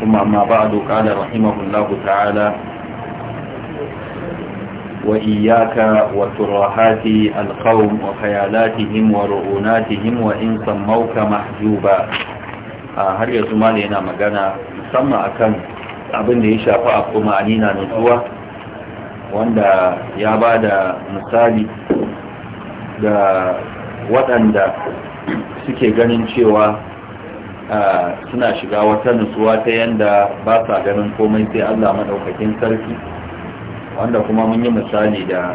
ثم أما بعد قال رحمه الله تعالى وإياك وترهات القوم وخيالاتهم ورؤوناتهم وإن سموك محجوبا har yanzu ma yana magana musamman akan abin da ya shafi a kuma anina nutsuwa wanda ya ba da misali da waɗanda suke ganin cewa suna shiga wata nutsuwa ta yanda ba sa ganin komai sai Allah madaukakin sarki wanda kuma mun yi misali da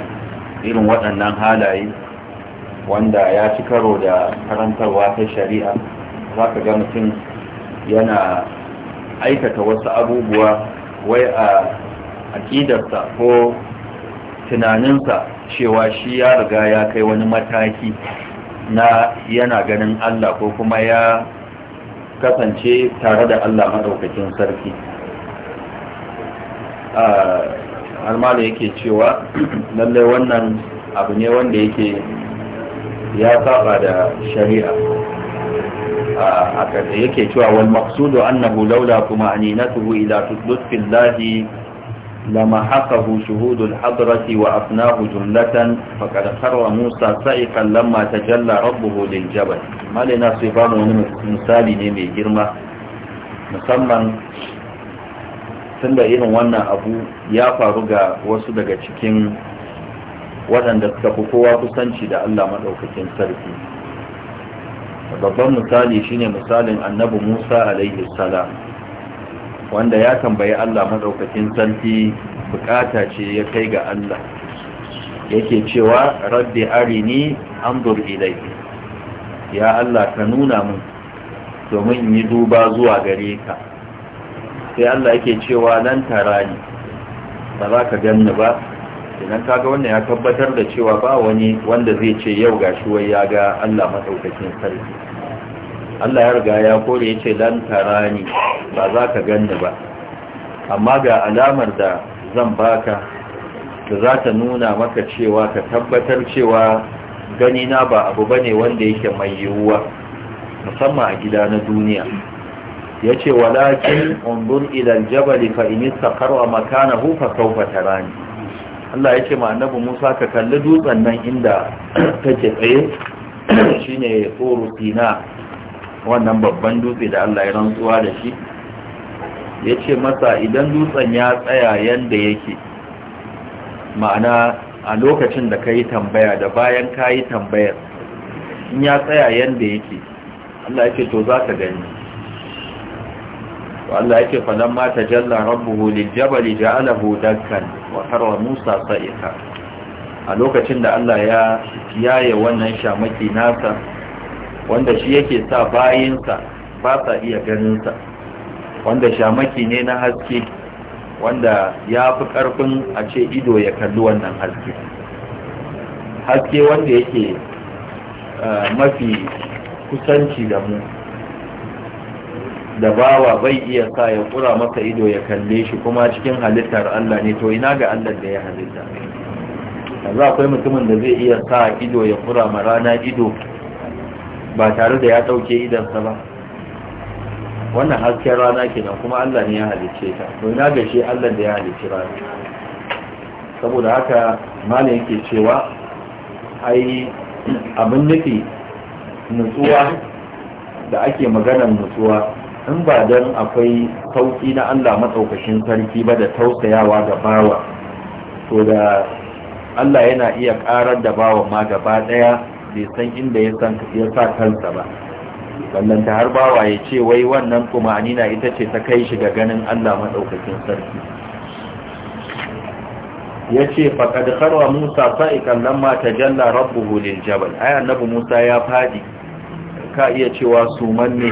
irin waɗannan halaye wanda ya ci karo da karantarwa ta shari'a za ka ga mutum yana aikata wasu abubuwa wai a aƙidarsa ko tunaninsa cewa shi ya riga ya kai wani mataki na yana ganin Allah ko kuma ya kasance tare da Allah maɗaukakin sarki har ma yake cewa lallai wannan abu ne wanda yake ya saba da shari'a a yake cewa wal maqsudu annahu laula kuma aninatuhu ila lahi لمحقه شهود الحضرة وأفناه جملة فقد خر موسى سائقا لما تجلى ربه للجبل ما لنا صفام ne نمي جرمة musamman tun da irin wannan abu ya faru ga wasu daga cikin waɗanda suka fi kowa kusanci da Allah maɗaukakin sarki babban misali shine misalin annabi musa alaihi salam wanda ya tambayi Allah madaukakin sarki bukata ce ya kai ga Allah yake cewa rabbi arini anzur ilayhi ya Allah ka nuna min domin yi duba zuwa gare ka sai Allah yake cewa nan tara ba za ka ganni ba idan kaga wannan ya tabbatar da cewa ba wani wanda zai ce yau gashi wai ya ga Allah madaukakin sarki Allah ya riga ya kore ya ce tara tarani ba za ka ganni ba amma ga alamar da zan baka da za ta nuna maka cewa ka tabbatar cewa gani na ba abu bane wanda yake mai yiwuwa musamman a gida na duniya ya ce walakin undur ilal jabali fa in istaqarra makanahu fa sawfa tarani Allah ya ce ma annabi Musa ka kalli dutsen nan inda take tsaye shine tsoro na. wannan babban dutse da Allah ya rantsuwa da shi ya ce masa idan dutsen ya tsaya yadda yake ma'ana a lokacin da ka yi tambaya da bayan ka yi tambayar in ya tsaya yadda yake Allah ya ce to za ka gani Allah ya ce falon mata jalla rabbuhu jabali ja'alahu dakkan wa harwa musa sa'ika a lokacin da Allah ya yaye wannan shamaki nasa wanda shi yake sa bayinsa ba sa iya ganinsa wanda shamaki ne na haske wanda ya fi ƙarfin a ce ido ya kalli wannan haske haske wanda yake mafi kusanci da mu da bawa bai iya sa ya kura masa ido ya kalle shi kuma cikin halittar Allah ne to ina ga Allah da ya halitta za akwai mutumin da zai iya sa ido ya kura ma rana ido ba tare da ya ɗauke idansa ba wannan hasken rana kenan kuma Allah ne ya halicce ta to ina ga shi Allah da ya halicci rana saboda haka malin yake cewa ai abin nufi nutsuwa da ake maganar nutsuwa in ba don akwai sauki na Allah matsaukashin sarki ba da tausayawa ga bawa to da Allah yana iya karar da bawa ma gaba daya bai san inda ya sa kansa ba wannan ta har bawa ya ce wai wannan anina ita ce ta kai shi ga ganin Allah madaukakin sarki ya ce faƙad harwa musa fa'ikan nan ma ta jalla rabbuhu lil jabal ai annabi musa ya fadi ka iya cewa sumanne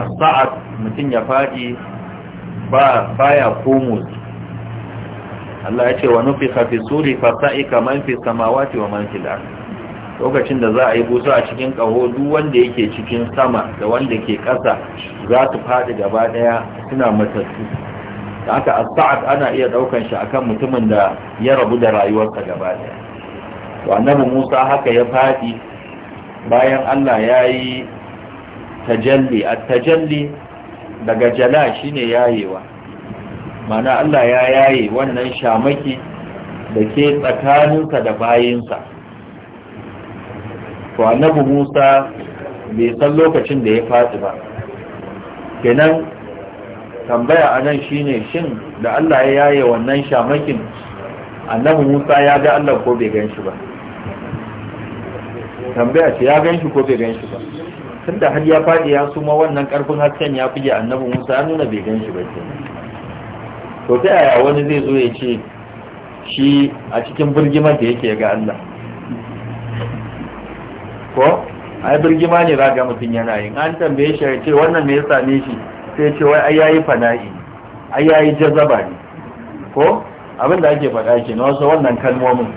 a sa'ad mutum ya fadi ba baya komo Allah ya ce wa nufi hafi suri fasa'ika man fi samawati wa man fi lokacin da za a yi busa a cikin ƙaho duk wanda yake cikin sama da wanda ke ƙasa za su faɗi gaba ɗaya suna matattu da aka asa'ad ana iya ɗaukan shi akan mutumin da ya rabu da rayuwarsa gaba ɗaya to annabi musa haka ya faɗi bayan allah ya yi tajalli a tajalli daga jala shine yayewa mana allah ya yaye wannan shamaki da ke tsakaninsa da bayinsa to annabi musa bai san lokacin da ya faɗi ba kenan tambaya a nan shine shin da allah ya yaye wannan shamakin annabi musa ya ga allah ko bai gan shi ba tambaya ce ya gan ko bai gan shi ba tunda har ya faɗi ya suma wannan ƙarfin hasken ya fiye annabi musa ya nuna bai gan ba ke to ta yaya wani zai zo ya ce shi a cikin birgimar da yake ga allah ko ai birgima ne za ga mutum yana yin an tambaye shi ce wannan me ya same shi sai ce wai ai yayi fana'i ai yayi jazaba ne ko abin da ake faɗa ke na wasu wannan kalmomin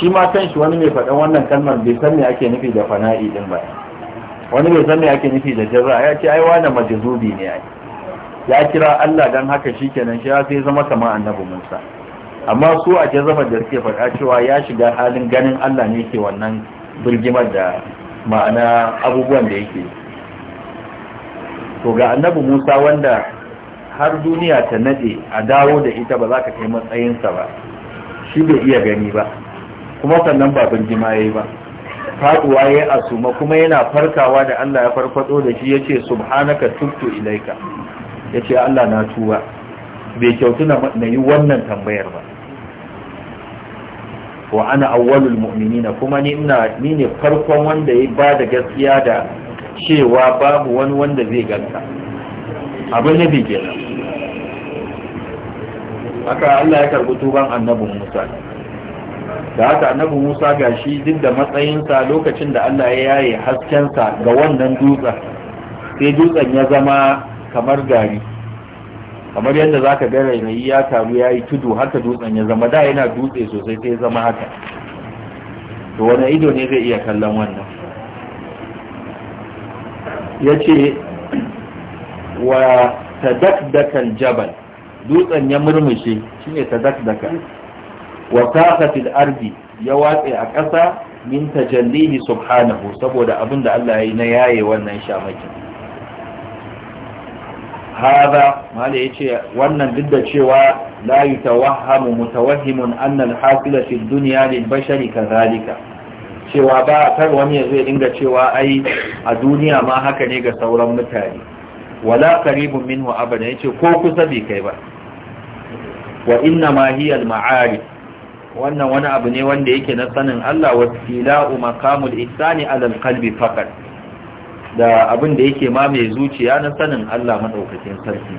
shi ma kan shi wani mai faɗan wannan kalmar bai san me ake nufi da fana'i din ba wani bai san me ake nufi da jazaba ya ce ai wani majazubi ne ai ya kira Allah dan haka shikenan shi ya sai zama kamar annabi Musa amma su a jazaba da suke faɗa cewa ya shiga halin ganin Allah ne ke wannan birgimar da ma'ana abubuwan da yake to ga annabi musa wanda har duniya ta nade a dawo da ita ba za ka kai matsayinsa ba shi bai iya gani ba kuma sannan ba birgima ya yi ba faduwa ya asuma kuma yana farkawa da Allah ya farfado da shi yace subhanaka tubtu ilaika yace Allah na tuwa bai kyautu na yi wannan tambayar ba wa ana awwalul mu'minina kuma ni ina ni ne farkon wanda ya ba da gaskiya da cewa babu wani wanda zai ganta abin nabi kenan haka Allah ya karbi tuban annabi Musa da haka annabi Musa gashi duk da matsayinsa lokacin da Allah ya yaye haskensa ga wannan dutsen sai dutsen ya zama kamar gari kamar yadda za ka ga rairayi ya taru ya yi tudu haka dutsen ya zama da yana dutse sosai sai zama haka to wani ido ne zai iya kallon wannan ya ce wa tadakdakan jabal dutsen ya murmushe shine tadakdaka wa kafatil ardi ya watse a ƙasa min tajallihi subhanahu saboda abin da Allah ya yi na yaye wannan shamakin hada mala yace wannan duk da cewa la yatawahhamu mutawahhimun anna al-hasila fi dunya lil bashari kadhalika cewa ba kar wani ya ya dinga cewa ai a duniya ma haka ne ga sauran mutane wala qaribun minhu abada yace ko kusa bai kai ba wa inna ma hiya al wannan wani abu ne wanda yake na sanin Allah wa tila'u maqamul ihsani ala al-qalbi faqat da abin da yake ma mai zuciya na sanin Allah maɗaukacin sarki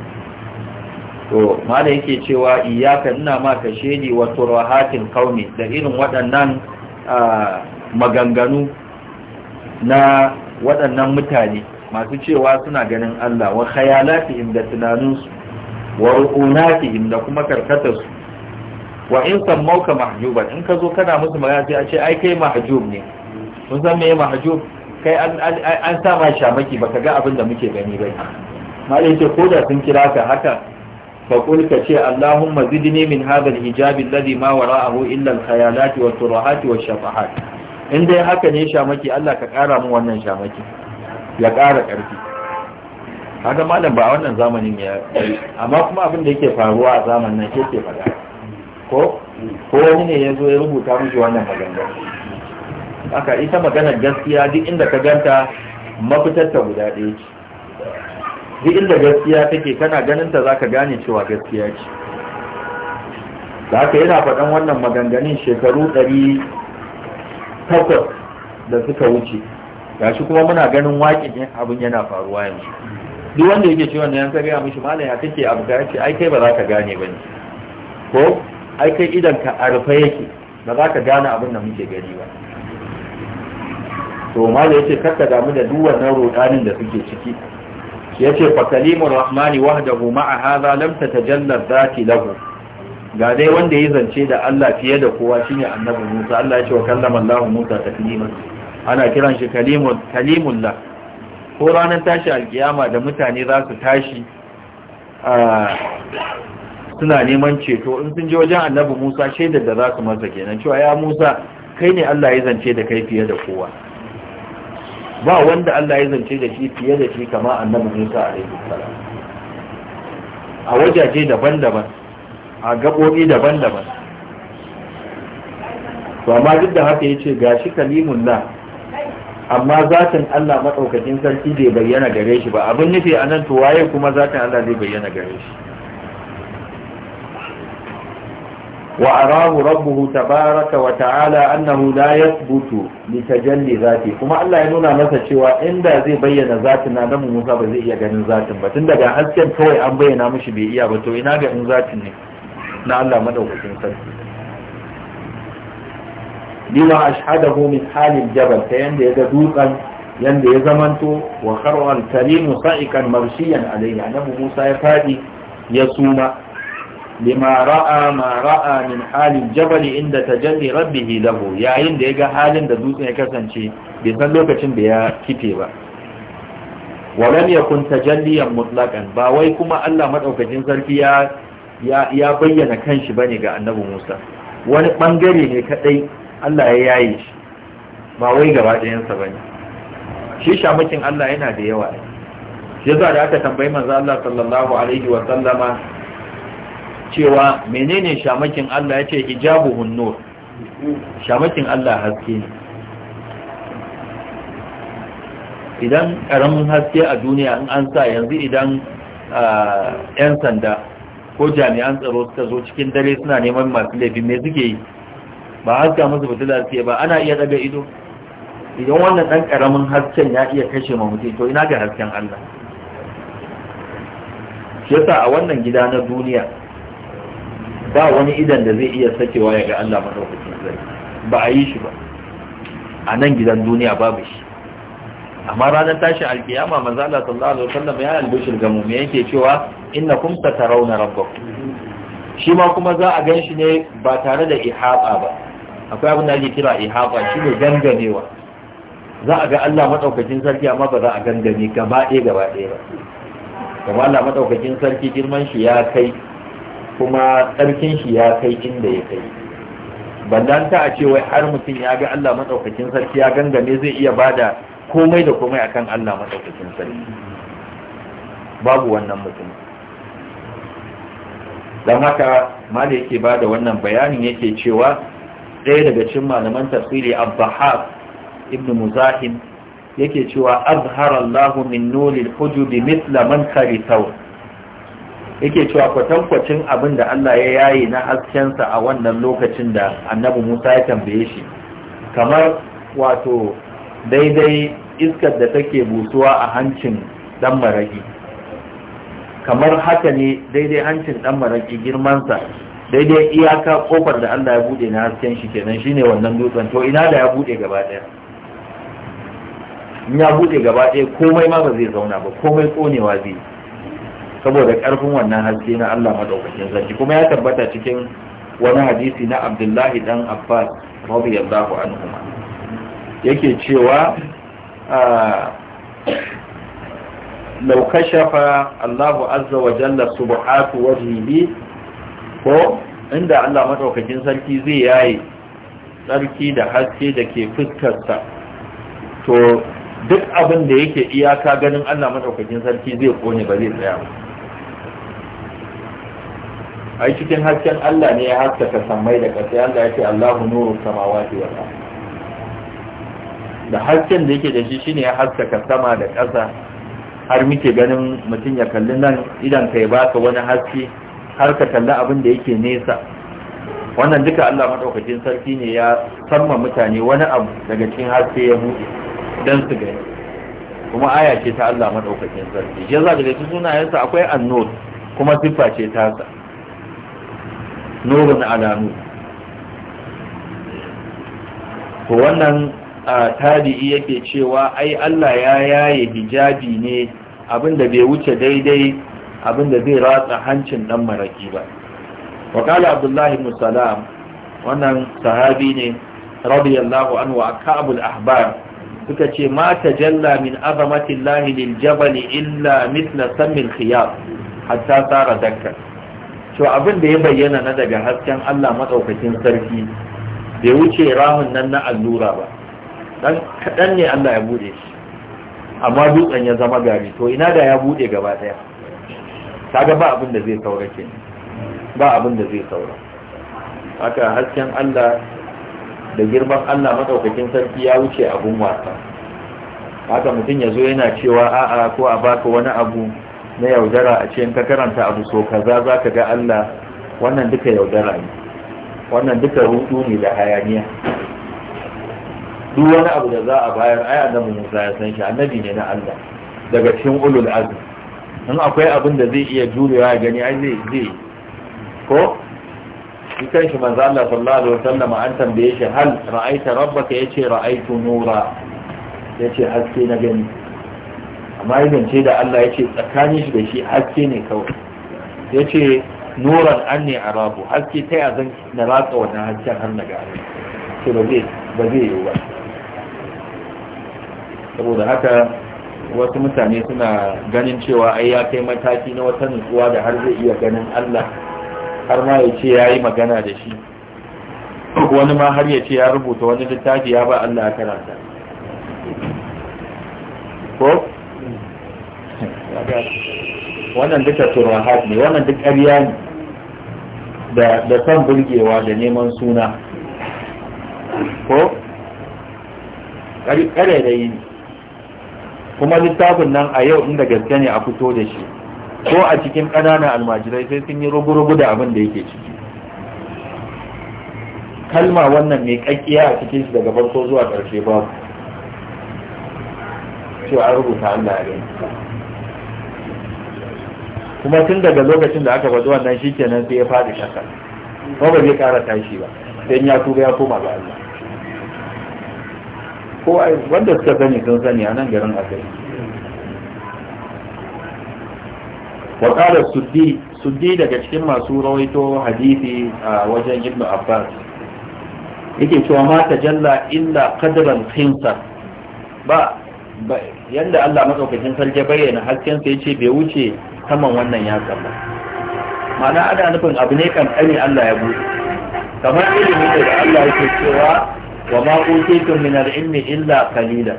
to da yake cewa iyaka ina ma ka shedi wa turahatil qaumi da irin waɗannan maganganu na waɗannan mutane masu cewa suna ganin Allah wa khayalatihim da tunaninsu wa ru'unatihim da kuma karkatarsu wa in sammauka mahjuban in ka zo kana musu magana sai a ce ai kai mahjub ne kun san me mahjub kai an sa ma ba baka ga abin da muke gani bai malai ce ko da sun kira ka haka fa ka ce allahumma zidni min hadha alhijab alladhi ma wara'ahu illa alkhayalat wa turahat wa shafahat in dai haka ne shamaki Allah ka kara mu wannan shamaki ya kara karfi haka malam ba wannan zamanin ya amma kuma abin da yake faruwa a zamanin nan yake faɗa ko ko wani ne ya zo ya rubuta miki wannan maganganu aka ita maganar gaskiya duk inda ka ganta mafitar ta guda ɗaya ce duk inda gaskiya take kana ganin ta zaka gane cewa gaskiya ce da haka yana faɗan wannan maganganun shekaru ɗari takwas da suka wuce shi kuma muna ganin waƙin abin yana faruwa yanzu duk wanda yake ce wannan yanzu gaya mishi malam ya take abu ga ce ai kai ba za ka gane ba ne ko ai kai idan ka arfa yake ba za ka gane abin da muke gani ba to mala yace kakka damu da duk wannan rodanin da suke ciki yace fa kalimur rahmani wahdahu ma'a hadha lam tatajalla dhati lahu ga dai wanda ya zance da Allah fiye da kowa shine annabi Musa Allah ya ce wa kallama Allah Musa taklima ana kiran shi Kalimun kalimullah ko ranar tashi alkiyama da mutane za su tashi suna neman ceto in sun je wajen annabi Musa shaidar da za su masa kenan cewa ya Musa kai ne Allah ya zance da kai fiye da kowa ba wanda Allah ya zance da shi fiye da shi kama annabi Musa alaihi salam a wajaje daban-daban a gabobi daban-daban to amma duk da haka ya ce, yace gashi kalimullah amma zatin Allah madaukakin sarki bai bayyana gare shi ba abin nufi anan to waye kuma zatin Allah zai bayyana gare shi وأراه ربه تبارك وتعالى أنه لا يثبت لتجلي ذاته كما الله ينونا مثل شوى إن دا زي بيّن ذاتنا نمو موسى بزي إيا غنين ذاتنا بتن دا غا حسكن كوي أن بيّنا مش بي إيا بتو إنا غنين ذاتنا نا الله مدعو بسن سلسل لما أشهده من حال الجبل كيان دي دوقا يان دي زمنتو وخرع الكريم صائقا مرشيا عليه نمو موسى يفادي يسوما lima ra'a ma ra'a min halin jabali inda tajalli rabbihi lahu yayin da ya ga halin da dutsen ya kasance bai san lokacin da ya kife ba walam yakun tajalliyan mutlaqan ba wai kuma Allah madaukakin sarki ya ya bayyana kanshi bane ga annabi Musa wani bangare ne kadai Allah ya yaye shi ba wai gaba ɗayan sa bane shi shamakin Allah yana da yawa yasa da aka tambayi manzo Allah sallallahu alaihi wa sallama cewa menene shamakin Allah ya ce hijabu hunnur shamakin Allah haske ne idan ƙaramin haske a duniya in an sa yanzu idan 'yan sanda ko jami'an tsaro suka zo cikin dare suna neman masu laifi mai suke yi ba haska musu fitila suke ba ana iya daga ido idan wannan ɗan karamin hasken ya iya kashe ma mutum to ina ga hasken Allah shi yasa a wannan gida na duniya ba wani idan da zai iya sakewa ya ga Allah madaukakin sarki ba a yi shi ba a nan gidan duniya babu shi amma ranar tashin alkiyama manzo Allah sallallahu alaihi wasallam ya albishi ga me yake cewa kum tatarawna rabbakum shi ma kuma za a gan shi ne ba tare da ihaba ba akwai abin da ake kira ihaba shi ne gangamewa. za a ga Allah madaukakin sarki amma ba za a gangame gaba ɗaya gaba ɗaya ba kuma Allah madaukakin sarki girman shi ya kai kuma tsarkin shi ya kai inda ya kai bandan ta a ce wai har mutum ya ga Allah matsaukakin sarki ya gangame zai iya bada komai da komai akan Allah matsaukakin sarki babu wannan mutum Dan haka mali yake ba da wannan bayanin yake cewa ɗaya daga cikin malaman tafsiri abbahar ibn muzahim yake cewa azhar Allahu min nuril hujubi mithla man karitahu yake cewa kwatankwacin abin da Allah ya yayi na haskensa a wannan lokacin da annabi Musa ya tambaye shi kamar wato daidai iskar da take busuwa a hancin dan maraki kamar haka ne daidai hancin dan maraki girmansa daidai iyaka kofar da Allah ya bude na hasken shi kenan shine wannan dutsen to ina da ya bude gaba daya in ya bude gaba daya komai ma ba zai zauna ba komai konewa zai saboda karfin wannan haske na Allah madaukakin sarki kuma ya tabbata cikin wani hadisi na Abdullahi dan Abbas radiyallahu anhu yake cewa لو ah, Azza wa عز وجل سبحات وجهه ko inda Allah madaukakin sarki zai yayi sarki da haske da ke fuskarsa to duk abin da yake iyaka ganin Allah madaukakin sarki zai kone ba zai tsaya ba ai cikin hasken Allah ne ya haskaka sammai da ƙasa Allah ya ce Allahu nuru samawati wa da hasken da yake da shi shine ya haskaka sama da kasa har muke ganin mutum ya kalli nan idan kai baka wani haske har ka kalli abin da yake nesa wannan duka Allah madaukakin sarki ne ya samma mutane wani abu daga cikin haske ya buɗe dan su gani kuma aya ce ta Allah madaukakin sarki yanzu da cikin sunayensa akwai annur kuma siffa ce tasa nurun ala nur to wannan tabi'i yake cewa ai Allah ya yaye hijabi ne abinda bai wuce daidai abinda zai ratsa hancin dan maraki ba wa qala abdullahi ibn wannan sahabi ne radiyallahu anhu akabul ahbar suka ce ma tajalla min azamati llahi lil jabal illa mithla sammil khiyar hatta sara dakkan to abin da ya bayyana na daga hasken Allah maɗaukakin sarki bai wuce ramin nan na allura ba dan kadan ne Allah ya bude shi amma dutsen ya zama gari to ina da ya bude gaba daya kaga ba abin da zai saura ke ba abin da zai saura haka hasken Allah da girman Allah maɗaukakin sarki ya wuce abun wasa haka mutum ya zo yana cewa a'a ko a baka wani abu na yaudara a ce in karanta abu so kaza za ka ga Allah wannan duka yaudara ne wannan duka rudu ne da hayaniya duk wani abu da za a bayar ai annabi Musa ya san shi annabi ne na Allah daga cikin ulul azm in akwai abin da zai iya jurewa ya gani ai zai zai ko shi kan shi manzo Allah sallallahu alaihi wasallam an tambaye shi hal ra'aita rabbaka yace ra'aitu nura yace haske na gani amma idan ce da Allah ya ce tsakanin shi da shi haske ne kawai ya ce nuran an ne a rabu haske ta yi zan na ratsa wannan hasken har na gari ce ba zai yi ba saboda haka wasu mutane suna ganin cewa ai ya kai mataki na wata nutsuwa da har zai iya ganin Allah har ma ya ce ya yi magana da shi wani ma har ya ce ya rubuta wani littafi ya ba Allah ya karanta ko wannan duka turwahat ne wannan duk ƙarya ne da son burgewa da neman suna ko ƙare da yi kuma littafin nan a yau inda gaske ne a fito da shi ko a cikin ƙananan almajirai sai sun yi rugu-rugu da abin da yake ciki kalma wannan mai ƙaƙƙiya a cikin shi daga farko zuwa ƙarshe babu cewa rubuta Allah ya kuma tun daga lokacin da aka faɗi wannan nan sai ya faɗi shaka ko ba zai ƙara tashi ba dan ya tuba ya koma ga Allah ko wanda suka sani sun sani a nan garin asali wa qala suddi suddi daga cikin masu rawaito hadisi a wajen ibn abbas yake cewa ma ta jalla illa qadran khinsa ba yanda Allah madaukakin sarki bayyana hasken sa yace bai wuce saman wannan ya ba ma'ana ana nufin abu ne kan tsani Allah ya buɗe kamar ilimi da Allah yake cewa wa ma utitum min al-ilmi illa qalila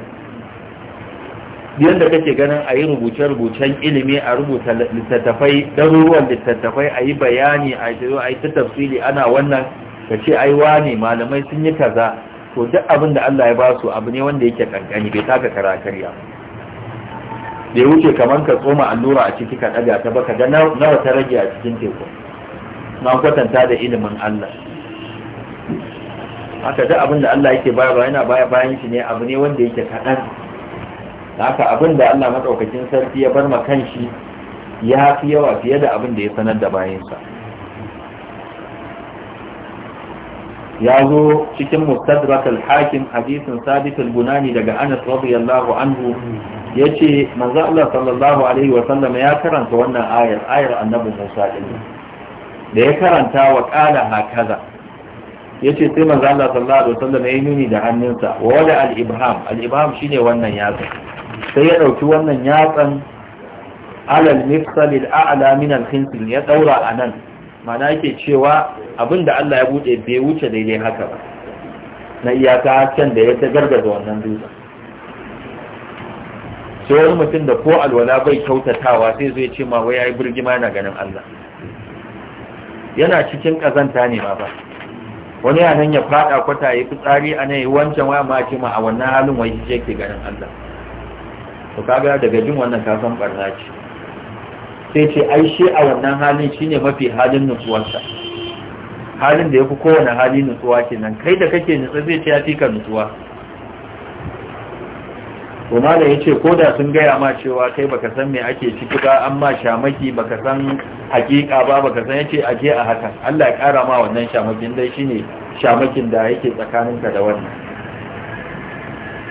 yadda kake ganin a yi rubuce-rubucen ilimi a rubuta littattafai ɗaruruwan littattafai a yi bayani a yi a yi ta tafsiri ana wannan ka ce ai wani malamai sun yi kaza to duk abin da Allah ya ba su abu ne wanda yake kankani bai taka karakarya ba da ya wuce kamar ka tsoma allura a ciki ka ɗaga ta baka ga nawa ta rage a cikin teku na kwatanta da ilimin Allah haka da abin da Allah yake bayarwa yana baya bayan shi ne abu ne wanda yake kaɗan haka abin da Allah maɗaukakin sarki ya bar ma shi ya fi yawa fiye da abin da ya sanar da bayansa ya zo cikin mustadrak al-hakim hadisin sabit al-bunani daga Anas radiyallahu anhu ya ce manzo Allah sallallahu alaihi wa sallam ya karanta wannan ayar ayar annabi Musa din da ya karanta wa qala hakaza ce sai manzo Allah sallallahu alaihi wa sallam ya nuni da hannunsa wa wada al ibham al ibham shine wannan yatsa sai ya dauki wannan yatsan alal mifsal al a'la min al khinsir ya daura anan mana yake cewa abinda Allah ya bude bai wuce daidai haka ba na iyaka can da ya ta gargaza wannan dutsen sai wani mutum da ko alwala bai kyautatawa sai zai ce ma wai yi birgima yana ganin Allah yana cikin kazanta ne ma ba wani ya nan ya fada kwata ya tsari a nan ya wancan wa ma ce ma a wannan halin wai shi ke ganin Allah to kaga daga jin wannan ka san barna ce sai ce ai shi a wannan halin shine mafi halin nutsuwarsa halin da ya fi kowane hali nutsuwa kenan kai da kake nutsuwa zai ce ya fi ka nutsuwa to ya yace ko da sun gaya ma cewa kai baka san me ake ciki ba an ma shamaki baka san hakika ba baka san yace aje a haka Allah ya kara ma wannan shamakin dai shine shamakin da yake tsakanin ka da wannan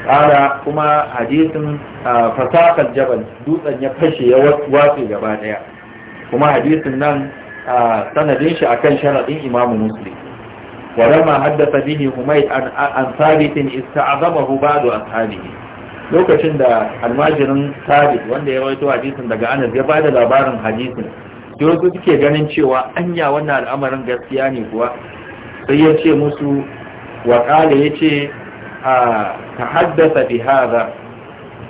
kara kuma hadisin fasakar jabal dutsen ya fashe ya watsi gaba daya kuma hadisin nan sanadin shi akan sharadin imam muslim ولما حدث به حميد عن ثابت استعظمه بعض أصحابه lokacin da almajirin sabit wanda ya waito hadisin daga anas ya bada labarin hadisin sai wasu suke ganin cewa anya wannan al'amarin gaskiya ne kuwa sai ya ce musu wa kale ya ce a bi hadha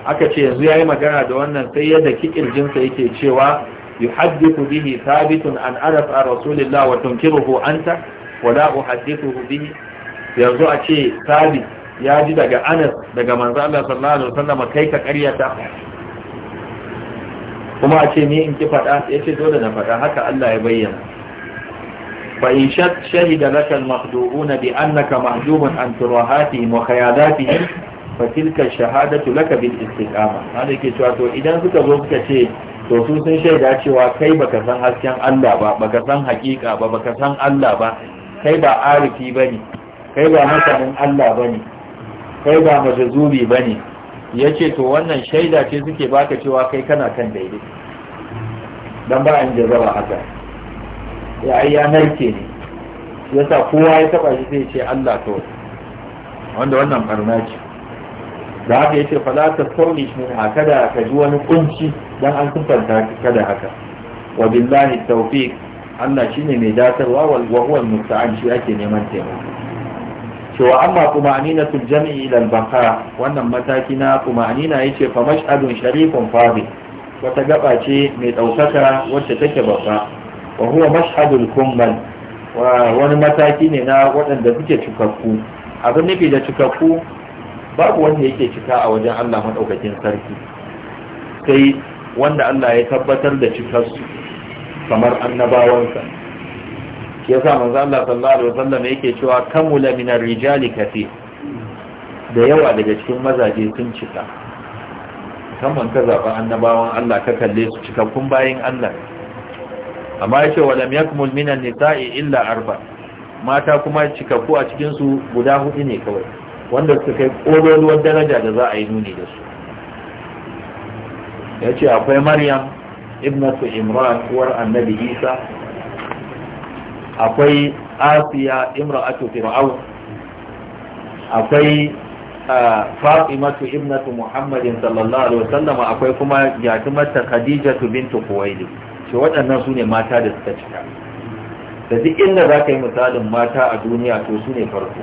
aka ce yanzu yayi magana da wannan sai yadda daki kirjinsa yake cewa yuhaddithu bihi thabitun an arafa rasulillah wa tunkiruhu anta wa la uhaddithuhu bihi yanzu a ce sabit ya ji daga anas daga manzo Allah sallallahu alaihi wasallam kai ka karyata kuma a ce ni in ki faɗa yace dole na faɗa haka Allah ya bayyana fa in shahida laka al-mahdubun bi annaka mahdubun an turahati wa khayalati fa tilka shahadatu laka bil istiqama hada ke cewa to idan suka zo suka ce to su sun shaida cewa kai baka san hasken Allah ba baka san hakika ba baka san Allah ba kai ba arifi bane kai ba masanin Allah bane kai ba majazubi ba ne ya ce to wannan shaida ce suke baka cewa kai kana kan daidai don ba an jazaba haka ya yi yanar ke ne Ya sa kowa ya taba shi sai ce Allah to wanda wannan barna ce da haka yace ce ta sauri ne haka da ka ji wani kunci don an kumfanta ka da haka wa billahi tawfiq Allah shine mai datarwa wa huwa musta'an shi ake neman taimako cewa amma kuma tul jami'i ila al wannan mataki na tumanina yace fa mash'adun sharifun fadi wata gaba ce mai daukaka wacce take babba wa huwa mash'adul kummal wani mataki ne na waɗanda suke cikakku abin nufi da cikakku babu wanda yake cika a wajen Allah madaukakin sarki sai wanda Allah ya tabbatar da cikarsu kamar annabawansa shi yasa manzo Allah sallallahu alaihi wasallam yake cewa kamula min ar-rijali kathir da yawa daga cikin mazaje sun cika musamman ka zaba annabawan Allah ka kalle su cikakkun bayin Allah amma yace walam yakmul min an-nisa'i illa arba mata kuma cikakku a cikin su guda hudu ne kawai wanda suka kai kololuwar daraja da za a yi nuni da su yace akwai Maryam ibnatu Imran uwar Annabi Isa akwai asiya imra'atu fir'aun akwai fatimatu ibnatu muhammadin sallallahu alaihi wasallam akwai kuma yatimarta khadijatu bintu kuwaili shi waɗannan su ne mata da suka cika da duk inda za ka yi misalin mata a duniya to su ne farko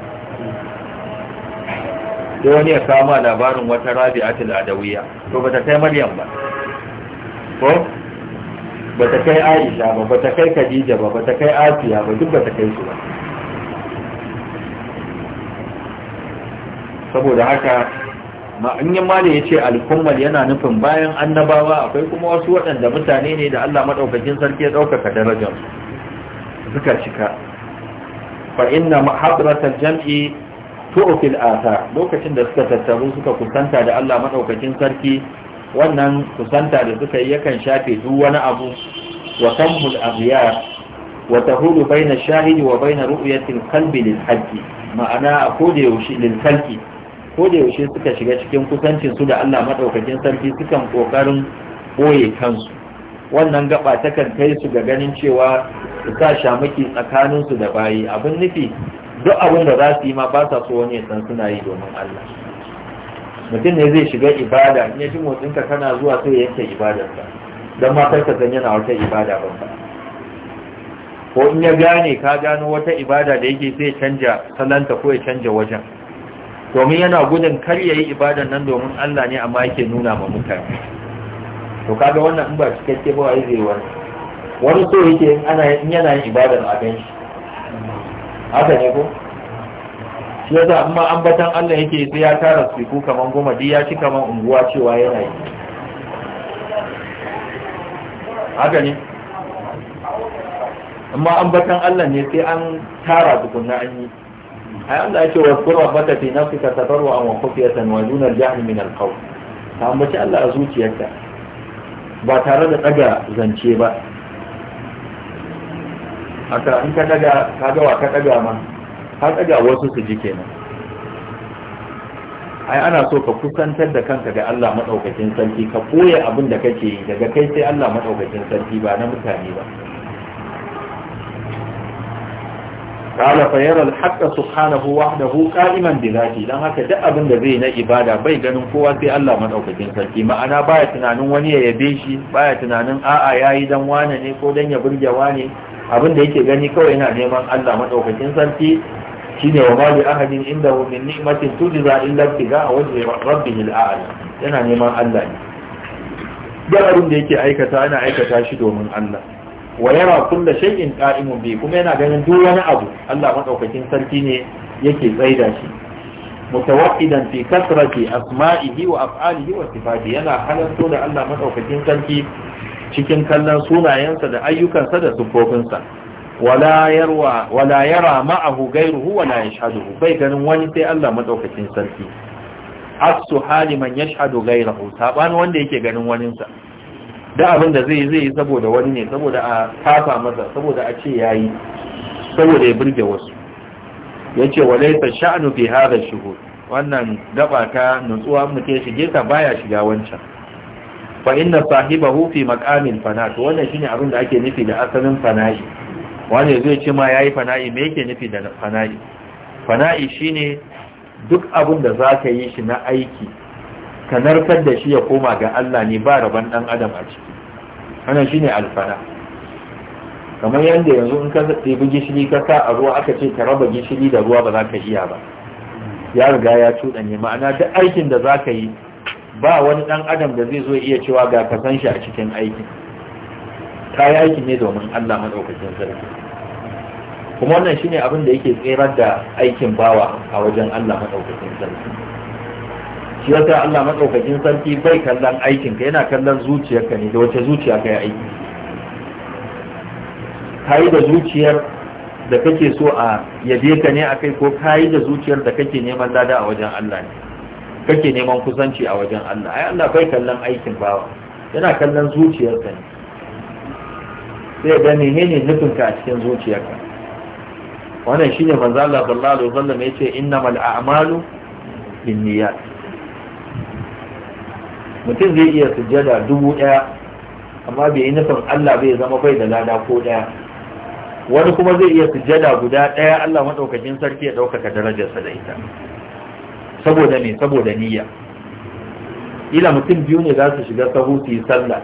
sai wani ya kama labarin wata rabi'atul adawiya to ba ta kai maryam ba ko ba ta kai aisha ba ba ta kai khadija ba ba ta kai asiya ba duk ba ta kai su ba saboda haka ma'anyin mali ya ce alkummal yana nufin bayan annabawa akwai kuma wasu waɗanda mutane ne da allah maɗaukakin sarki ya ɗaukaka darajar suka cika fa inna mahadratal jam'i tu'fil lokacin da suka tattaru suka kusanta da allah maɗaukakin sarki wannan kusanta da suka yi yakan shafe duk wani abu wa tamhul aghyar wa tahulu baina shahidi wa baina ru'yati al-qalbi lil ma'ana a koda yaushe lil koda yaushe suka shiga cikin kusancin su da Allah madaukakin sarki sukan kokarin boye kansu wannan gaba takan kai su ga ganin cewa su sa shamaki tsakaninsu da bayi abin nufi duk abin da za su yi ma ba sa so wani ya san suna yi domin Allah mutum ne zai shiga ibada in ya ji motsinka kana zuwa sai ya yanke ibadarsa don ma kai ka yana wata ibada ba ko in ya gane ka gano wata ibada da yake zai canja salanta ko ya canja wajen domin yana gudun kar ya yi ibadan nan domin Allah ne amma yake nuna ma mutane to kaga wannan in ba cikakke ba wai zai wani wani so yake in in yana yin ibadan a gan shi haka ne ko ya za amma ambatan Allah yake sai ya tara siku kaman goma ya ci kaman unguwa cewa yana yi haka ne amma ambatan Allah ne sai an tara tukunna an yi ai Allah yake wa qurra baka fi nafsika an wa khufyatan wa dun al-jahl min al-qawl ta ambaci Allah a ba tare da daga zance ba haka in ka daga ka ga wa ka daga ma Har ɗaga wasu su ji kenan ai ana so ka kusantar da kanka ga Allah madaukakin sarki ka koya abin da kake yi daga kai sai Allah madaukakin sarki ba na mutane ba قال فيرى الحق سبحانه qa'iman bi بذاته dan haka duk abin da zai na ibada bai ganin kowa sai Allah madaukakin sarki ma'ana baya tunanin wani ya yabe shi baya tunanin a'a yayi dan wane ne ko dan ya burge wane abin da yake gani kawai yana neman Allah madaukakin sarki shine wa mali ahadin inda hu min ni'matin tujza illa tiga a wajhi rabbihil a'la yana neman Allah ne duk abin da yake aikata yana aikata shi domin Allah wa yara kullu shay'in qa'imun bi kuma yana ganin duk wani abu Allah madaukakin sarki ne yake tsaida shi mutawaqqidan fi kasrati asma'ihi wa af'alihi yiwa sifatihi yana halanto da Allah madaukakin sarki cikin kallon sunayensa da ayyukansa da sufofinsa wala yara ma'ahu ghayruhu wala bai ganin wani sai Allah madaukakin sarki asu hali man yashhadu ghayruhu saban wanda yake ganin waninsa da abin da zai zai saboda wani ne saboda a kafa masa saboda a ce yayi saboda ya burge wasu yace ta sha'anu fi hadha shuhud wannan gaba ta nutsuwa mutai shige ta baya shiga wancan fa inna sahibahu fi maqamin wannan shine abin da ake nufi da asalin fana'i wani zai ce ma yayi fana'i me yake nufi da fana'i fana'i shine duk abin da za ka yi shi na aiki ka narkar da shi ya koma ga Allah ne ba rabon ɗan adam a ciki wannan shine alfana kamar yadda yanzu in ka ɗebi gishiri ka sa a ruwa aka ce ka raba gishiri da ruwa ba za ka iya ba ya riga ya cuɗanye ma'ana duk aikin da za ka yi ba wani ɗan adam da zai zo iya cewa ga ka san shi a cikin aikin ta yi ne domin Allah maɗaukakin sarki kuma wannan shine abin da yake tserar da aikin bawa a wajen Allah maɗaukakin sarki shi yasa Allah maɗaukakin sarki bai kallon aikin ka yana kallon zuciyar ka ne da wace zuciya ka yi aiki ka yi da zuciyar da kake so a yabe ka ne a kai ko ka yi da zuciyar da kake neman lada a wajen Allah ne kake neman kusanci a wajen Allah ai Allah bai kallon aikin bawa yana kallon zuciyarka ne sai ga menene nufinka a cikin zuciyarka wannan shine manzo Allah sallallahu alaihi wasallam yace innamal a'malu binniyat mutum zai iya sujjada dubu daya amma bai yi nufin Allah bai zama bai da lada ko daya wani kuma zai iya sujjada guda daya Allah madaukakin sarki ya daukaka darajarsa da ita saboda ne saboda niyya ila mutum biyu ne za su shiga sahu su yi sallah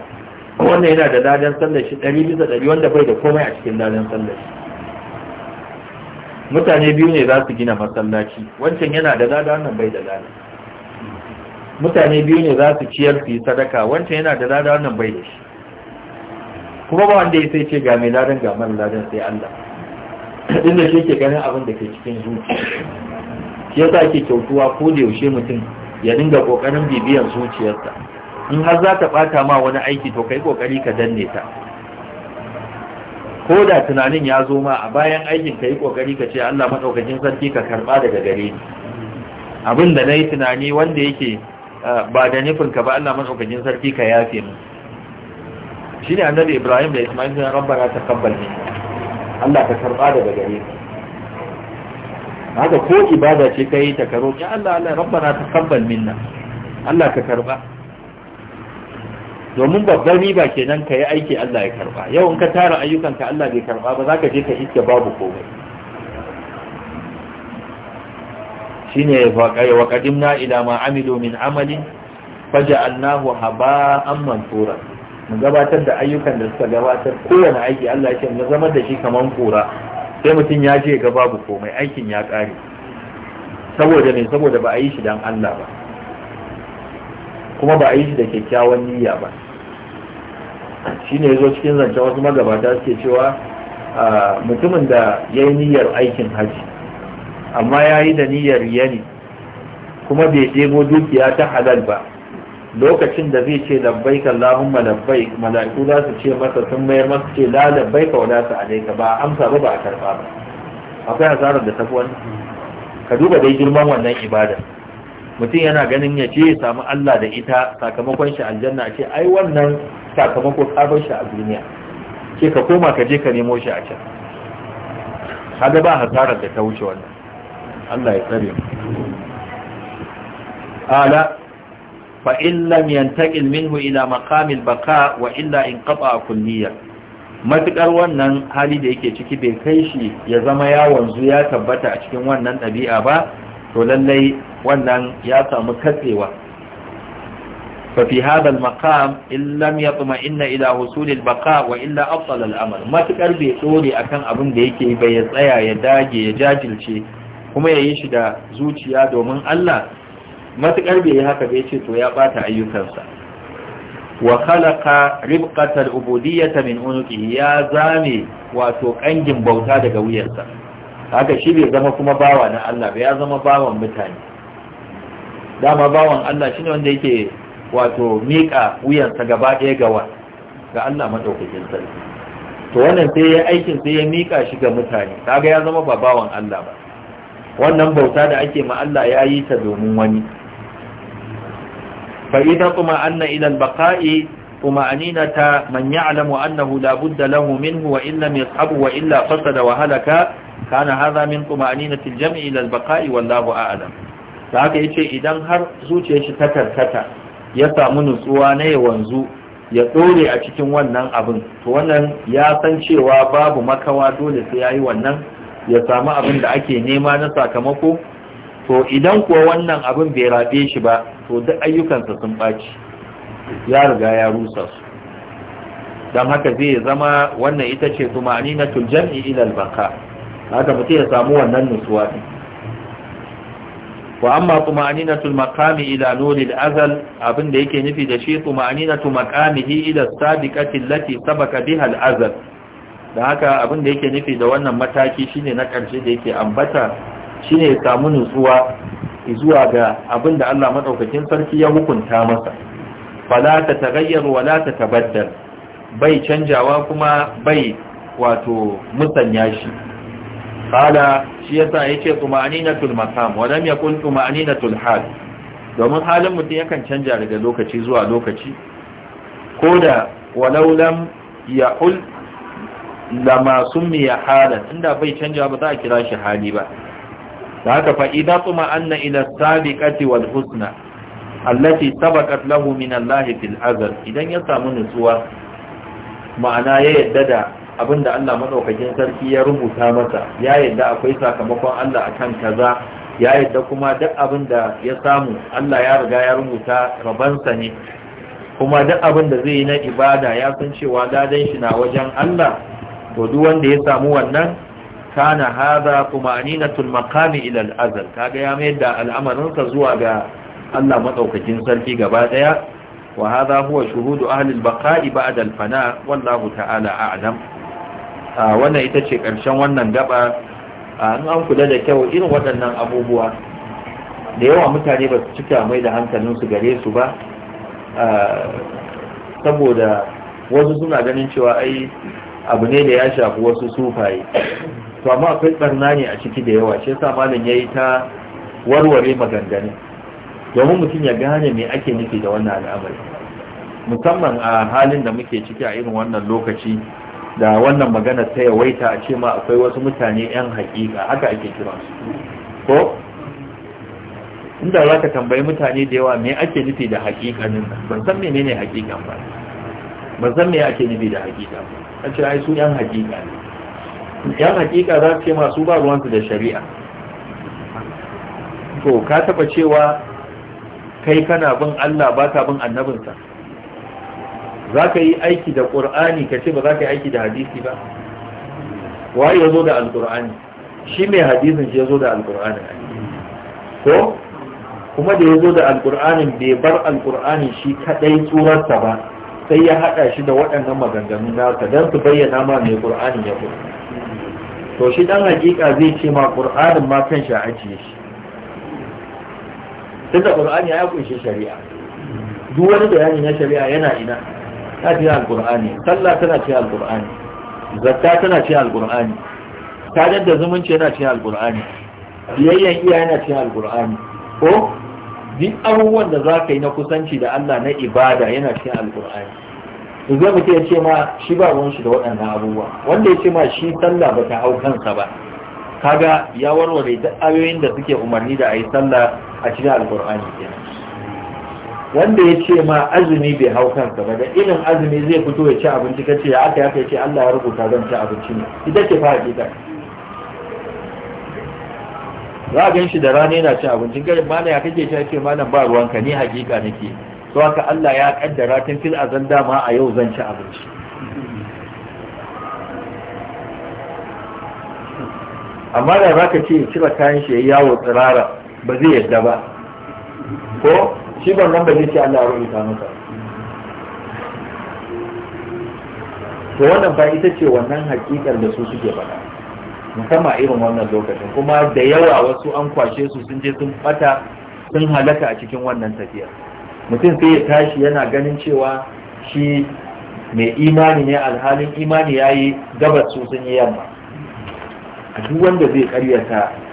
wannan yana da ladan sallar shi ɗari bisa ɗari wanda bai da komai a cikin ladan sallar shi mutane biyu ne za su gina masallaci wancan yana da dada wannan bai da dada. mutane biyu ne za su ciyar su yi sadaka wancan yana da dada wannan bai da shi kuma ba wanda ya sai ce ga mai ladan ga mara ladan sai Allah inda shi ke ganin abin da ke cikin zuciya shi yasa ke kyautuwa ko da yaushe mutum ya dinga kokarin bibiyan zuciyarsa in har za ta bata ma wani aiki to kai kokari ka danne ta ko da tunanin ya zo ma a bayan aikin ka yi kokari ka ce Allah madaukakin sarki ka karba daga gare ni abin da nayi tunani wanda yake ba da nufin ka ba Allah madaukakin sarki ka yafe mu shine annabi Ibrahim da Isma'il sun ta taqabbal minna Allah ka karba daga gare ni haka ko ibada ce kai ta karo ya Allah Allah rabbana taqabbal minna Allah ka karba domin babban riba kenan ka yi aiki Allah ya karba yau in ka tara ayyukanka Allah bai karba ba za ka je ka iske babu komai shine wa qadimna ila ma amilu min amalin faja'alnahu haba'an mansura mun gabatar da ayyukan da suka gabatar kowane aiki Allah ya ce zama da shi kamar kura sai mutum ya je ga babu komai aikin ya kare saboda ne saboda ba a yi shi dan Allah ba kuma ba a yi shi da kyakkyawan niyya ba Shi ne yazo cikin zance wasu magabata suke cewa mutumin da ya yi niyyar aikin hajji. amma ya yi da niyyar yani kuma bai debo dukiya ta halal ba lokacin da zai ce labbaik Allahumma malabbai mala'iku za su ce masa sun mayar masa ce la labbaik su la sa'alaika ba amsa ba ba a karɓa ba akwai hasarar da tafi wani ka duba dai girman wannan ibada mutum yana ganin ya ce ya samu Allah da ita sakamakon shi aljanna ce ai wannan sakamako ka shi a duniya ke ka koma ka je ka nemo shi a can kaga ba hasarar da ta wuce wannan Allah ya tsare mu ala fa in yantaqil minhu ila maqam al-baqa wa illa qata kulliyan wannan hali da yake ciki bai kai shi ya zama ya wanzu ya tabbata a cikin wannan ɗabi'a ba to lallai wannan ya samu katsewa ففي هذا المقام إن لم يطمئن إلى وصول البقاء وإلا أبطل الأمر ما تقربي تولي أكن أبن ديكي بيطايا يداجي يجاجل شي kuma ya yi shi da zuciya domin Allah matuƙar bai yi haka bai ce to ya ɓata ayyukansa wa khalaqa ribqatal ubudiyyata ya zame wato ƙangin bauta daga wuyarsa haka shi bai zama kuma bawa na Allah ba ya zama bawan mutane dama bawan Allah shine wanda yake wato miƙa wuyansa gaba ɗaya ga wa ga Allah maɗaukakin sarki to wannan sai ya aikin sai ya miƙa shi ga mutane kaga ya zama babawan Allah ba wannan bauta da ake ma Allah ya yi ta domin wani fa idan kuma anna ila albaqa'i kuma anina ta man ya'lamu annahu la budda lahu minhu wa illa yashabu wa illa fasada wa halaka kana hadha min kuma anina til jam'i ila albaqa'i wallahu a'lam da haka yace idan har zuciyar shi ta tarkata ya samu nutsuwa na ya wanzu ya ɗore a cikin wannan abin to wannan ya san cewa babu makawa dole sai ya yi wannan ya samu abin da ake nema na sakamako to idan kuwa wannan abin bai rabe shi ba to duk ayyukansa sun ɓaci ya riga ya rusa su don haka zai zama wannan ita ce tumani na tuljam'i ilal baka haka mutum ya samu wannan nutsuwa wa amma tumaninatul maqami ila nuril azal abinda yake nufi da shi tumaninatu maqamihi ila sabiqati allati sabaqa biha al azal da haka abinda yake nufi da wannan mataki shine na karshe da yake ambata shine ya samu nutsuwa zuwa ga abinda Allah madaukakin sarki ya hukunta masa fala ta tagayyaru wala ta tabaddal bai canjawa kuma bai wato musanya shi kala shi yasa yake tumaninatul maqam wa lam yakun tumaninatul hal domin halin mutum yakan canja daga lokaci zuwa lokaci ko da walau lam yahul lama summiya halan inda bai canja ba za a kira shi hali ba da haka fa idza tumanna ila sabiqati wal husna allati sabaqat lahu min Allah fil azal idan ya samu nutsuwa ma'ana ya yadda da abinda Allah madaukakin sarki ya rubuta masa ya yadda akwai sakamakon Allah akan kaza ya yadda kuma duk abinda ya samu Allah ya riga ya rubuta rabansa ne kuma duk abinda zai yi na ibada ya san cewa dadan shi na wajen Allah to duk wanda ya samu wannan kana hadha tumaninatul maqami ila al-azal kaga ya mai da sa zuwa ga Allah madaukakin sarki gaba daya وهذا هو شهود أهل البقاء بعد الفناء والله تعالى أعلم wannan ita ce ƙarshen wannan gaba an an kula da kyau irin waɗannan abubuwa da yawa mutane ba su cika mai da hankalinsu gare su ba saboda wasu suna ganin cewa ai abu ne da ya shafi wasu sufaye to amma akwai barna ne a ciki da yawa shi yasa malam yayi ta warware maganganun domin mutum ya gane me ake nufi da wannan al'amari musamman a halin da muke ciki a irin wannan lokaci da wannan magana ta yawaita a ce ma akwai wasu mutane 'yan haƙiƙa haka ake su ko inda za ka tambayi mutane da yawa me ake nufi da haƙiƙanin ban san ne haƙiƙan ba ban san me ake nufi da haƙiƙa ba a ce ai su 'yan haƙiƙa ne 'yan haƙiƙa za su ce masu ba ruwansu da shari'a to ka taɓa cewa kai kana bin Allah ba ka bin annabinsa za ka yi aiki da ƙur'ani ka ce ba za ka yi aiki da hadisi ba waye ya zo da alƙur'ani shi mai hadisin shi ya zo da alƙur'ani ko kuma da ya zo da Alƙur'ani bai bar Alƙur'ani shi kaɗai tsurarsa ba sai ya haɗa shi da waɗannan maganganun nasa don su bayyana ma mai ƙur'anin ya fi to shi ɗan hakika zai ce ma ƙur'anin ma kan shi a ajiye shi tunda ƙur'ani ya ƙunshi shari'a duk wani bayani na shari'a yana ina ta ce alkur'ani sallah tana ce alkur'ani zakka tana ce alkur'ani sadar da zumunci yana ce alkur'ani biyayyen iya yana ce alkur'ani ko duk abubuwan da zaka yi na kusanci da Allah na ibada yana ce alkur'ani zai mutum ya ce ma shi ba ruwan shi da waɗannan abubuwa wanda ya ce ma shi sallah ba ta hau kansa ba kaga ya warware duk ayoyin da suke umarni da a yi sallah a cikin alkur'ani kenan wanda ya ce ma azumi bai hau kanka ba da irin azumi zai fito ya ci abinci ka ce ya aka ya ce Allah ya rubuta zan ci abinci ne ita ce fara ita za a ganshi shi da rana yana ci abincin kai mana ya kake cewa ce malam ba ruwanka ni hakika nake to haka Allah ya kaddara tun fil azan dama a yau zan ci abinci amma da za ka ce cire kayan shi ya yawo tsirara ba zai yadda ba ko shi ban nan ba zai ce Allah ya rubuta masa to wannan ba ita ce wannan hakikar da su suke faɗa musamman irin wannan lokacin kuma da yawa wasu an kwashe su sun je sun bata sun halaka a cikin wannan tafiya mutum sai ya tashi yana ganin cewa shi mai imani ne alhalin imani ya yi gabas su sun yi yamma a duk wanda zai karyata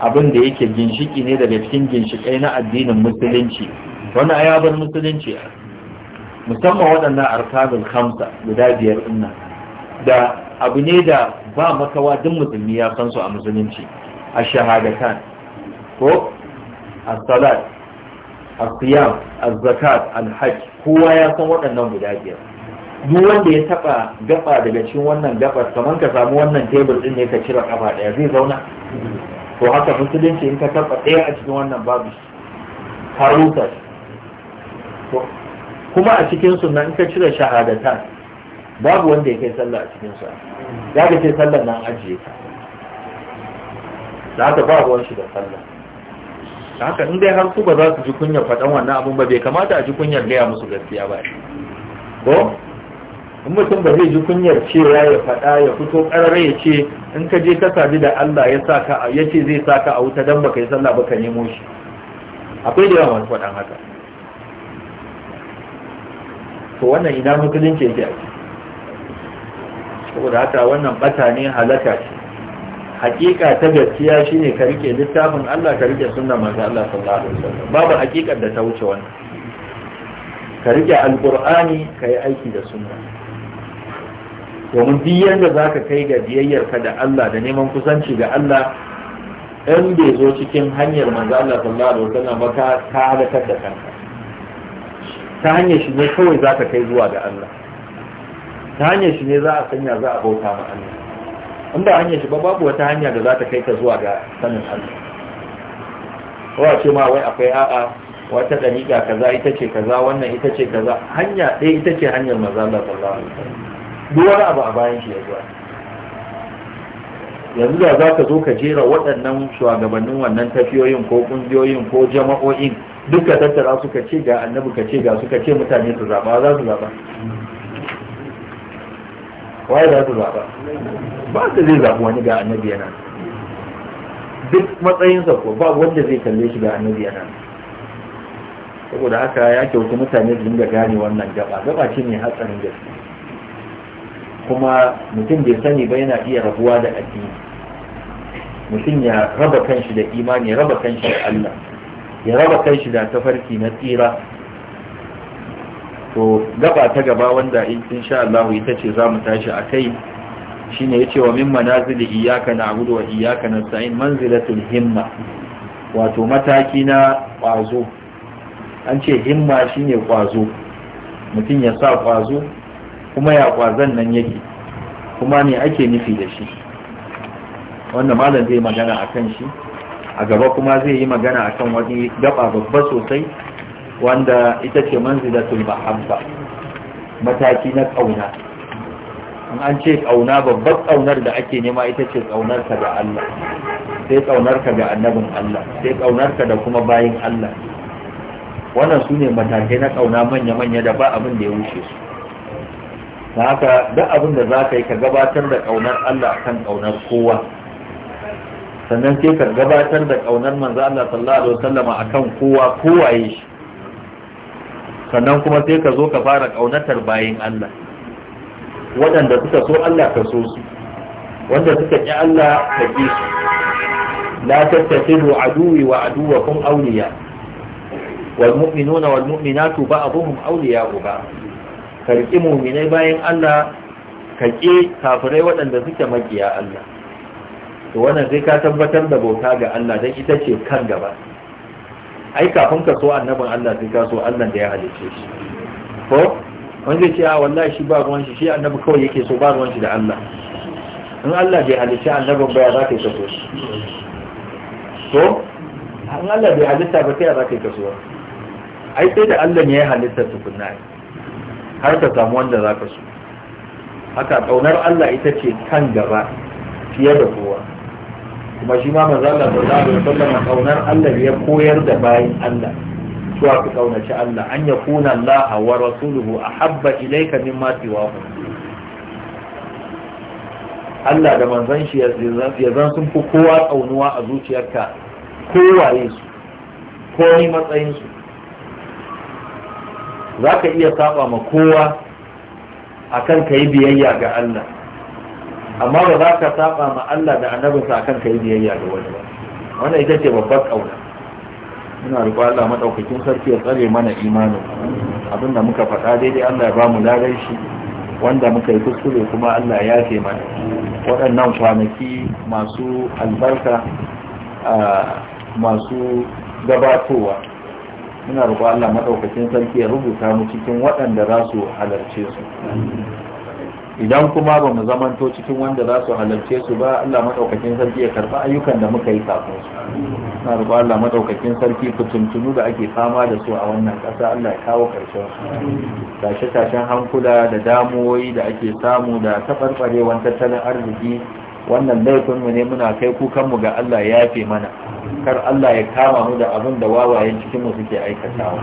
abin da yake ginshiki ne daga cikin ginshikai na addinin musulunci wani ayabar musulunci musamman waɗannan arkanul hamsa guda biyar ɗinnan da abu ne da ba makawa duk musulmi ya san su a musulunci a shahadatan ko a salat a siyam a zakat alhaj kowa ya san waɗannan guda biyar duk wanda ya taɓa gaba daga cikin wannan gabas kamar ka samu wannan tebur ɗin ne ka cire kafa ɗaya zai zauna to haka musulunci in ka taba ɗaya a cikin wannan babu ka kuma a cikin sunan in ka cire shahadatan babu wanda ya kai sallah a cikin su ya ga ce sallah nan ajiye ta da haka ba wani shi da sallah da haka in dai har su ba za su ji kunyar faɗan wannan abun ba bai kamata a ji kunyar gaya musu gaskiya ba ko in mutum ba zai ji kunyar cewa ya faɗa ya fito ƙarare ya ce in ka je ka sadu da Allah ya saka ya ce zai saka a wuta don baka yi sallah baka nemo shi akwai da yawa masu faɗan haka to wannan ina ke yake a saboda haka wannan ɓata ne halaka ce hakika ta gaskiya shine ka rike littafin Allah ka rike sunna manzo Allah sallallahu alaihi wasallam babu hakikar da ta wuce wannan ka rike alqur'ani ka yi aiki da sunna domin duk yadda za ka kai ga biyayyarka da Allah da neman kusanci ga Allah in bai zo cikin hanyar manzo Allah sallallahu alaihi wasallam ba ka ka halakar da kanka ta hanyar shi ne kawai za ka kai zuwa ga Allah ta hanyar shi ne za a sanya za a bauta ma Allah in ba hanyar shi ba babu wata hanya da za ta kai ka zuwa ga sanin Allah kowa ce ma wai akwai a'a wata dariƙa kaza ita ce kaza wannan ita ce kaza hanya ɗaya ita ce hanyar manzo Allah sallallahu alaihi wasallam duk wani abu a bayan shi ya zuwa yanzu da za ka zo ka jera waɗannan shugabannin wannan tafiyoyin ko ƙungiyoyin ko jama'o'in duka tattara suka ce ga annabi ka ce ga suka ce mutane su zaɓa za su zaɓa waye za su zaɓa ba su zai zaɓi wani ga annabi yana duk matsayinsa ko ba wanda zai kalle shi ga annabi yana saboda haka ya kyautu mutane su dinga gane wannan gaba gaba ce mai hatsarin gaske kuma mutum bai sani ba yana iya rabuwa da addini mutum ya raba kanshi da imani ya raba kanshi da Allah ya raba kanshi da tafarki na tsira to gaba ta gaba wanda sha Allah ita ce za mu tashi a kai shine yace wa min manazili na na'budu wa iyyaka nasta'in manzilatul himma wato mataki na kwazo an ce himma shine kwazo mutum ya sa kwazo kuma ya kwazan nan yake kuma ne ake nufi da shi wannan malam zai magana a kan shi a gaba kuma zai yi magana a kan wani gaba babba sosai wanda ita ce manzilatul ba'amba mataki na ƙauna an ce ƙauna babbar ƙaunar da ake nema ita ce ƙaunarka da Allah sai ƙaunarka da annabin Allah sai ƙaunarka da kuma bayin Allah wannan su ne matakai na ƙauna manya-manya da ba abin da ya wuce su ta haka duk abin da za ka yi ka gabatar da ƙaunar Allah kan ƙaunar kowa sannan ke ka gabatar da ƙaunar manzo Allah sallallahu alaihi wasallama akan kowa kowaye shi sannan kuma sai ka zo ka fara ƙaunatar bayin Allah waɗanda suka so Allah ka so su wanda suka ƙi Allah ka ƙi su la tattasidu aduwi wa aduwakum awliya wal mu'minuna wal mu'minatu ba'dhum awliya'u ba'd karki muminai bayan Allah kake kafirai waɗanda suke makiya Allah to wannan sai ka tabbatar da bauta ga Allah dan ita ce kan gaba ai kafin ka so annabin Allah sai ka so Allah da ya halice shi ko wanda ce a ah, wallahi shi ba ruwan shi shi annabi kawai yake so ba ruwan shi da Allah in Allah bai halice annabin ba ya za ka yi kaso shi to in Allah bai halitta ba sai ya za ka yi kaso ai sai da Allah ne ya halitta tukunna har ka samu wanda za ka so haka ƙaunar Allah ita ce kan gaba fiye da kowa kuma shi ma manzo Allah zaɓe alaihi sallama ƙaunar Allah ya koyar da bayan Allah cewa ku ƙaunaci Allah an ya kuna Allah wa rasuluhu min ilayka mimma siwahu Allah da manzon shi ya zan sun fi kowa ƙaunuwa a zuciyarka kowaye su ko ni matsayin su za ka iya saba ma kowa akan ka yi biyayya ga Allah amma ba za ka saba ma Allah da annabinsa akan ka yi biyayya ga wani ba wannan ita ce babbar ƙauna muna roƙo Allah maɗaukakin sarki ya tsare mana imanin abinda muka faɗa daidai Allah ya ba mu ladan shi wanda muka yi kuskure kuma Allah ya ce mana waɗannan kwanaki masu albarka masu gabatowa muna roƙo Allah madaukakin sarki ya rubuta mu cikin waɗanda za su halarce su idan kuma ba mu zamanto cikin wanda za su halarce su ba Allah madaukakin sarki ya karɓi ayyukan da muka yi kafin su muna roƙo Allah madaukakin sarki fitintunu da ake fama da su a wannan ƙasa Allah ya kawo ƙarshen su tashe-tashen hankula da damuwoyi da ake samu da taɓarɓarewar tattalin arziki wannan laifinmu ne muna kai kukanmu ga Allah ya yafe mana kar Allah ya kama mu da abin da wawayen cikin mu suke aikatawa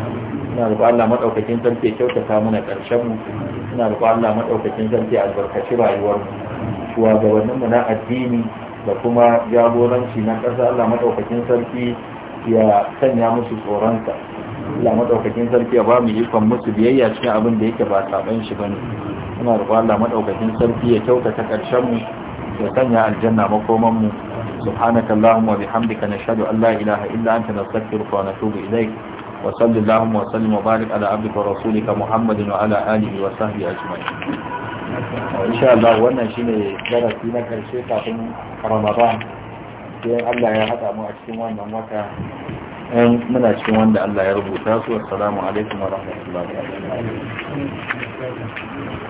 ina roƙon Allah madaukakin sarki kyautata mana karshen mu ina roƙon Allah madaukakin sarki albarkaci rayuwar mu wannan mu na addini da kuma jagoranci na ƙasa Allah madaukakin sarki ya sanya musu tsoronta Allah madaukakin sarki ya ba mu ikon musu biyayya cikin abin da yake ba saban shi bane ina roƙon Allah madaukakin sarki ya kyautata karshen mu ya sanya aljanna makoman mu سبحانك اللهم وبحمدك نشهد أن لا إله إلا أنت نستغفرك ونتوب إليك وصل اللهم وسلم وبارك على عبدك ورسولك محمد وعلى آله وصحبه أجمعين إن شاء الله wannan shine darasi na karshe kafin Ramadan sai Allah ya hada mu a cikin wannan wata in muna cikin wanda Allah ya rubuta su assalamu alaikum wa rahmatullahi wa barakatuh